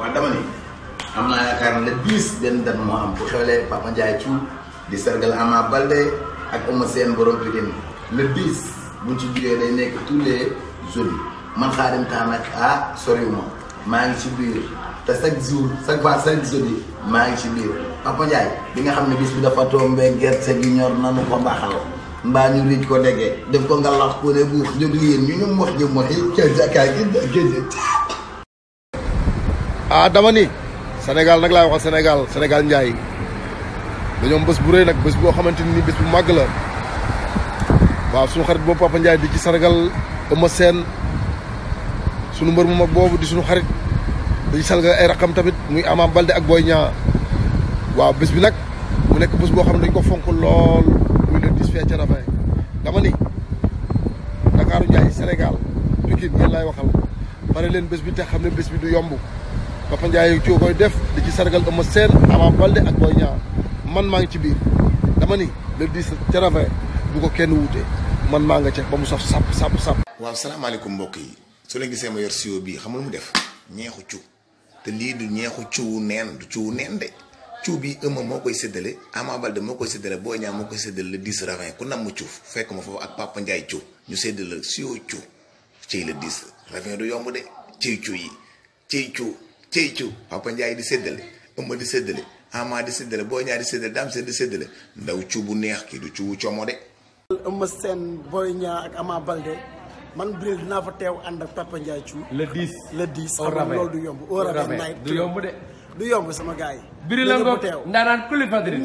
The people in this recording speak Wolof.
waa dama ni am naa yaakaar ne le 10 benn date moo am bu xewlee Papa Ndiaye Thiou di sargal a Balde ak Eumeu Sène borom Pikine le 10 bu ci jugee day nekk tous les jours man Khadim Kane nag ah soriwuma maa ngi ci biir te chaque jour chaque fois chaque jour yi maa ngi ci biir Papa Ndiaye bi nga xam ne bis bi dafa tombé gerte gi ñor nanu ko mbaaxal mbaa ñu riij ko dege def ko ngalax ko ne buux jóg yéen ñu ñu wax ñu mooy ca jàkkaay gi adama ah, dama ni senegal nak laay wax senegal senegal njaay dañu nak bu rëy nak bëss bo xamanteni ni bëss bu mag la wa suñu xarit bo papa njaay di ci senegal euma sen suñu mbeur mu mag bobu di suñu xarit di sargal ay rakam tamit muy amam balde ak boy ñaa wa bëss bi nak mu nek bëss bo xam dañ ko fonk lool muy le 10 ci ca dama ni dakaru njaay senegal pikine ngeen lay waxal pare len bëss bi te xamne bëss bi du yombu Papa Ndiaye coo koy def di ci sargal Eumeu Sène Ama Baldé man maa ngi ci biir dama ni le 10 Travers bu ko kenn wuute man maa nga ca ba mu saf sàpp sàpp sàpp. waaw salaamaaleykum mbokk yi soo leen ma yor siwo bii xam lu mu def ñeexu cu te lii du ñeexu cuwu neen du cuwu neen de cuw bi Eumeu moo koy séddale Ama Baldé moo koy séddale Boy Niang moo koy séddale le 10 Travers ku nam mu cuuf fekk ma foofu ak Papa Ndiaye cuw ñu séddale siwo cuw ciy le 10 Travers du yomb de ciy cuw yi ciy cuw. cey ciw Papa Ndiaye di séddale ëmma di séddale ama di séddale Boy Niang di séddale Dame Sène di séddale ndaw ciw bu neex kii du ciwu como de Eumeu Sène Boy Niang ak Ama Baldé man Bril dinaa fa teew ànd ak Papa Ndiaye Thiou le 10 le 10 loolu du yomb au rabais du yomb de du yomb sama gars yi Bril la ngoog teew ndaanaan kuli fadri